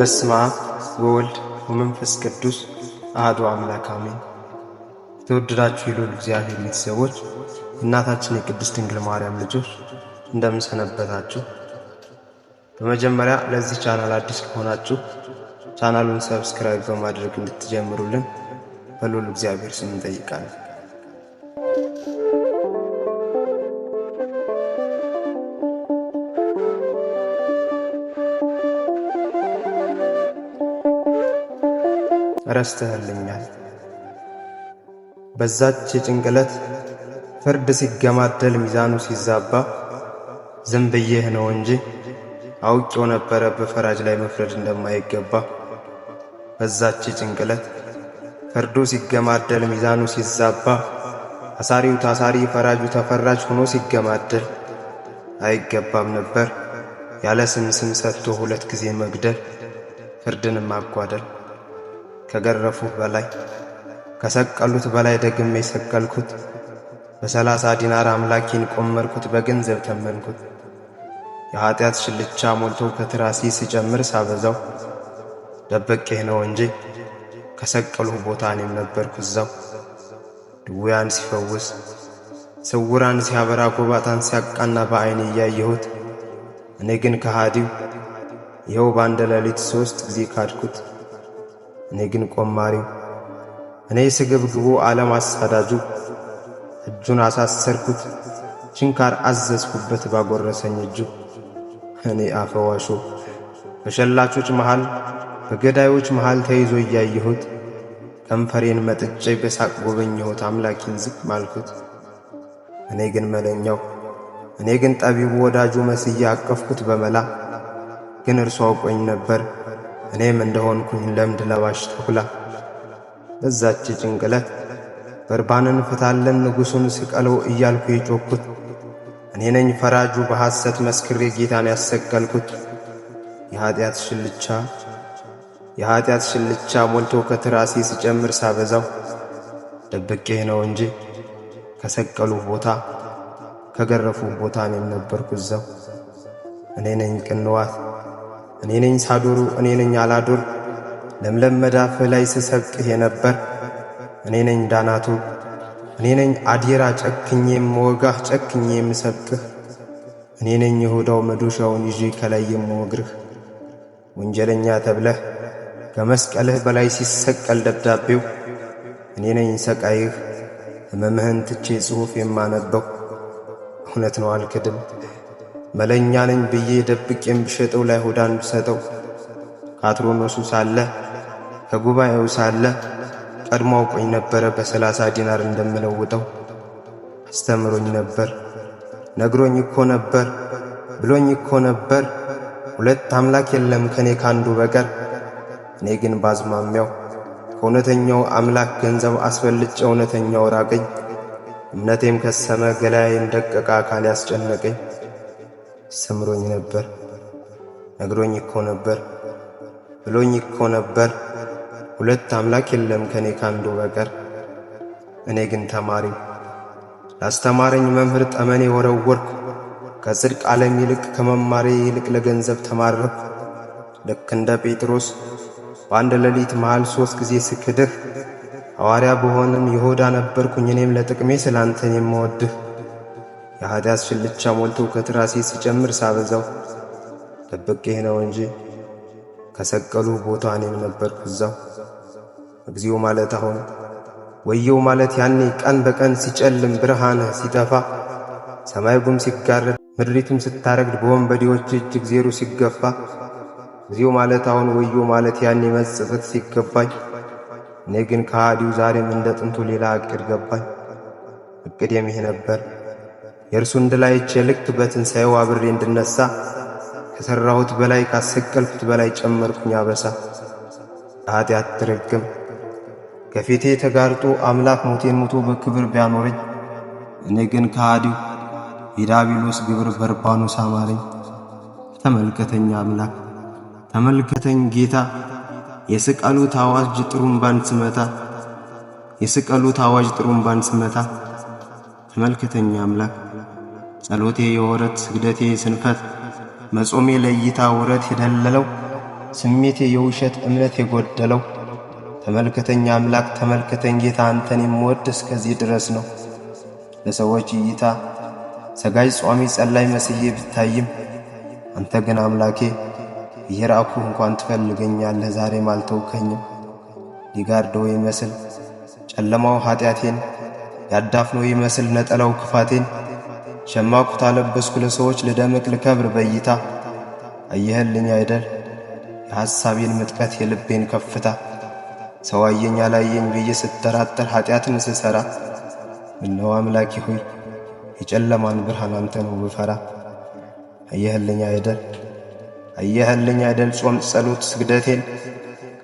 በስመ አብ ወወልድ ወመንፈስ ቅዱስ አህዶ አምላክ አሜን። የተወደዳችሁ የሎል እግዚአብሔር ቤተሰቦች እናታችን የቅድስት ድንግል ማርያም ልጆች እንደምንሰነበታችሁ በመጀመሪያ ለዚህ ቻናል አዲስ ከሆናችሁ ቻናሉን ሰብስክራይብ በማድረግ እንድትጀምሩልን በልዑል እግዚአብሔር ስም እንጠይቃለን። ረስተህልኛል። በዛች የጭንቅለት ፍርድ ሲገማደል ሚዛኑ ሲዛባ ዝም ብዬህ ነው እንጂ አውቄው ነበረ በፈራጅ ላይ መፍረድ እንደማይገባ። በዛች ጭንቅለት ፍርዱ ሲገማደል ሚዛኑ ሲዛባ አሳሪው ታሳሪ ፈራጁ ተፈራጅ ሆኖ ሲገማደል አይገባም ነበር ያለ ስም ስም ሰጥቶ ሁለት ጊዜ መግደል ፍርድንም ማጓደል። ከገረፉት በላይ ከሰቀሉት በላይ ደግሜ ሰቀልኩት። በሰላሳ ዲናር አምላኬን ቆመርኩት፣ በገንዘብ ተመንኩት። የኀጢአት ሽልቻ ሞልቶ ከትራሲ ስጨምር ሳበዛው ደበቄ ነው እንጂ ከሰቀሉህ ቦታ እኔም ነበርኩ እዛው። ድውያን ሲፈውስ ስውራን ሲያበራ ጎባታን ሲያቃና በአይን እያየሁት እኔ ግን ከሃዲው ይኸው በአንድ ሌሊት ሦስት ጊዜ ካድኩት። እኔ ግን ቆማሪው፣ እኔ ስግብግቡ ዓለም አሳዳጁ፣ እጁን አሳሰርኩት ችንካር አዘዝኩበት ባጎረሰኝ እጁ። እኔ አፈዋሹ በሸላቾች መሃል በገዳዮች መሃል ተይዞ እያየሁት ከንፈሬን መጥጬ በሳቅ ጎበኘሁት አምላኪን ዝቅ ማልኩት። እኔ ግን መለኛው እኔ ግን ጠቢቡ ወዳጁ መስዬ አቀፍኩት በመላ ግን እርሱ አውቆኝ ነበር እኔም እንደሆንኩኝ ለምድ ለባሽ ተኩላ በዛች ጭንቅለት በርባንን ፍታለን ንጉሡን ስቀለው እያልኩ የጮኩት እኔ ነኝ ፈራጁ በሐሰት መስክሬ ጌታን ያሰቀልኩት። የኀጢአት ሽልቻ የኀጢአት ሽልቻ ሞልቶ ከትራሴ ስጨምር ሳበዛው ደብቄ ነው እንጂ ከሰቀሉ ቦታ ከገረፉ ቦታ እኔም ነበርኩ እዛው እኔ ነኝ ቅንዋት እኔ ነኝ ሳዱሩ እኔ ነኝ አላዱር ለምለም መዳፍ ላይ ስሰብቅህ የነበር እኔ ነኝ ዳናቱ እኔ ነኝ አዲራ ጨክኜ የምወጋህ ጨክኜ የምሰብቅህ እኔ ነኝ የሁዳው መዶሻውን ይዤ ከላይ የምወግርህ ወንጀለኛ ተብለህ ከመስቀልህ በላይ ሲሰቀል ደብዳቤው እኔ ነኝ ሰቃይህ ሕመምህን ትቼ ጽሑፍ የማነበው እውነት ነው አልክድም። መለኛ ነኝ ብዬ ደብቄም ብሸጠው ለአይሁዳን ብሰጠው ከአትሮኖሱ ሳለ ከጉባኤው ሳለ ቀድሞ አውቆኝ ነበረ በሰላሳ ዲናር እንደምለውጠው አስተምሮኝ ነበር፣ ነግሮኝ እኮ ነበር፣ ብሎኝ እኮ ነበር። ሁለት አምላክ የለም ከኔ ካንዱ በቀር። እኔ ግን ባዝማሚያው ከእውነተኛው አምላክ ገንዘብ አስፈልጭ እውነተኛው ራቀኝ። እምነቴም ከሰመ ገላዬም ደቀቀ አካል ያስጨነቀኝ ሰምሮኝ ነበር፣ ነግሮኝ እኮ ነበር፣ ብሎኝ እኮ ነበር፣ ሁለት አምላክ የለም ከእኔ ካንዱ በቀር። እኔ ግን ተማሪ ላስተማረኝ መምህር ጠመኔ ወረወርኩ። ከጽድቅ ዓለም ይልቅ ከመማሬ ይልቅ ለገንዘብ ተማረኩ። ልክ እንደ ጴጥሮስ በአንድ ሌሊት መሃል ሦስት ጊዜ ስክድህ ሐዋርያ በሆንም ይሁዳ ነበርኩኝ እኔም ለጥቅሜ ስላንተን የምወድህ የኃጢአት ሽልቻ ሞልቶ ከትራሴ ሲጨምር ሳበዛው ደብቄህ ነው እንጂ ከሰቀሉ ቦታ እኔም ነበርኩ እዛው። እግዚኦ ማለት አሁን ወየው ማለት ያኔ ቀን በቀን ሲጨልም ብርሃንህ ሲጠፋ ሰማይ ጉም ሲጋረድ ምድሪቱም ስታረግድ በወንበዴዎች እጅ እግዜሩ ሲገፋ እግዚኦ ማለት አሁን ወየው ማለት ያኔ መጸጸት ሲገባኝ እኔ ግን ከሃዲው ዛሬም እንደ ጥንቱ ሌላ እቅድ ገባኝ። እቅድ የሚሄ ነበር የእርሱ እንድላይቼ ልክ በትንሣኤው አብሬ እንድነሳ ከሠራሁት በላይ ካሰቀልኩት በላይ ጨመርኩኝ አበሳ። ለኀጢአት ትርግም ከፊቴ ተጋርጦ አምላክ ሞቴን ሙቶ በክብር ቢያኖረኝ እኔ ግን ከሃዲው የዳቢሎስ ግብር በርባኖስ አማረኝ። ተመልከተኝ አምላክ ተመልከተኝ ጌታ የስቀሉ ታዋጅ ጥሩምባን ስመታ የስቀሉ ታዋጅ ጥሩምባን ስመታ ተመልከተኝ አምላክ ጸሎቴ የወረት ስግደቴ ስንፈት መጾሜ ለእይታ ውረት የደለለው ስሜቴ የውሸት እምነት የጎደለው ተመልከተኝ አምላክ ተመልከተኝ ጌታ አንተን የምወድ እስከዚህ ድረስ ነው። ለሰዎች እይታ ሰጋጅ ጿሚ ጸላይ መስዬ ብታይም አንተ ግን አምላኬ እየራኩ እንኳን ትፈልገኛለህ ዛሬም አልተውከኝም። ሊጋርደው ይመስል ጨለማው ኃጢአቴን ያዳፍነው ይመስል ነጠላው ክፋቴን ሸማኩት አለበስኩ ለሰዎች ልደምቅ ልከብር በይታ አየህልኝ አይደል የሐሳቤን ምጥቀት የልቤን ከፍታ ሰው አየኝ አላየኝ ብዬ ስጠራጠር ኃጢአትን ስሰራ ምነው አምላኪ ሆይ የጨለማን ብርሃን አንተ ነው ብፈራ አየህልኝ አይደል አየህልኝ አይደል ጾም ጸሎት ስግደቴን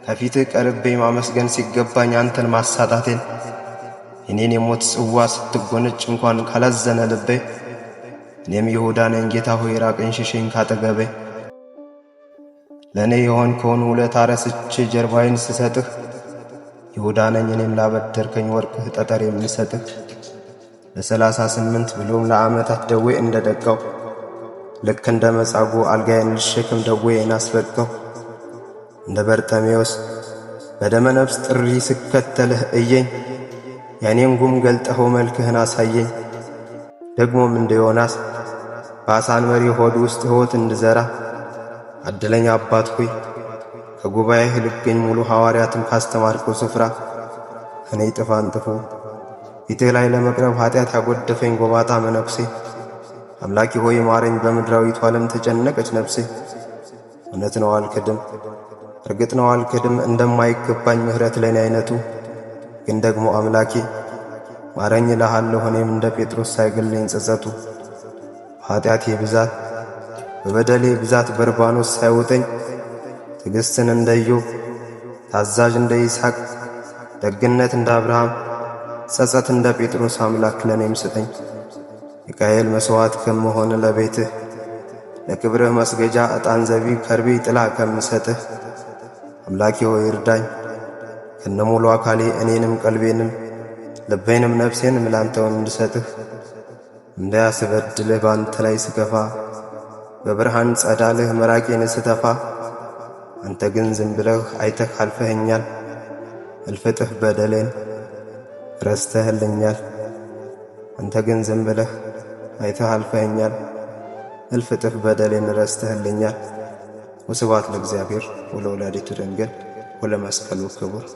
ከፊትህ ቀርቤ ማመስገን ሲገባኝ አንተን ማሳጣቴን እኔን የሞት ጽዋ ስትጎነጭ እንኳን ካላዘነ ልቤ እኔም ይሁዳ ነኝ። ጌታ ሆይ ራቀኝ፣ ሽሸኝ ካጠገቤ ለእኔ የሆንከውን ውለታ ረስቼ ጀርባዬን ስሰጥህ ይሁዳ ነኝ። እኔም ላበደርከኝ ወርቅህ ጠጠር የምሰጥህ ለሰላሳ ስምንት ብሎም ለዓመታት ደዌ እንደ ልክ እንደ መጻጉ አልጋዬን ልሸክም ደዌዬን አስለቀው። እንደ በርጠሜዎስ በደመ ነፍስ ጥሪ ስከተልህ እየኝ የእኔን ጉም ገልጠኸው መልክህን አሳየኝ። ደግሞም እንደ ዮናስ በአሳን መሪ ሆድ ውስጥ ሕይወት እንድዘራ አደለኝ አባት ሆይ ከጉባኤህ ልቤን ሙሉ ሐዋርያትን ካስተማርከው ስፍራ እኔ ጥፋ አንጥፎ ፊትህ ላይ ለመቅረብ ኃጢአት ያጎደፈኝ ጎባጣ መነኩሴ አምላኬ ሆይ ማረኝ። በምድራዊቱ ዓለም ተጨነቀች ነፍሴ። እውነት ነው አልክድም፣ እርግጥ ነው አልክድም፣ እንደማይገባኝ ምሕረት ለእኔ አይነቱ ግን ደግሞ አምላኬ ማረኝ እልሃለሁ እኔም እንደ ጴጥሮስ ሳይገለኝ ጸጸቱ በኃጢአቴ ብዛት በበደሌ ብዛት በርባኖስ ሳይውጠኝ ትዕግሥትን እንደ ኢዮብ ታዛዥ እንደ ይስሐቅ ደግነት እንደ አብርሃም ጸጸት እንደ ጴጥሮስ አምላክ ለእኔም ስጠኝ። ሚካኤል መሥዋዕት ከመሆን ለቤትህ ለክብርህ መስገጃ ዕጣን ዘቢ ከርቤ ጥላ ከምሰጥህ አምላኬ ሆይ እርዳኝ። ከነሙሉ አካሌ እኔንም ቀልቤንም ልቤንም ነፍሴንም ላንተውን እንድሰጥህ እንዳያስበድልህ በአንተ ላይ ስገፋ በብርሃን ጸዳልህ መራቄን ስተፋ አንተ ግን ዝም ብለህ አይተህ አልፈህኛል። እልፍጥህ በደሌን ረስተህልኛል አንተ ግን ዝም ብለህ አይተህ አልፈህኛል። እልፍጥህ በደሌን ረስተህልኛል። ወስብሐት ለእግዚአብሔር ወለወላዲቱ ድንግል ወለመስቀሉ ክቡር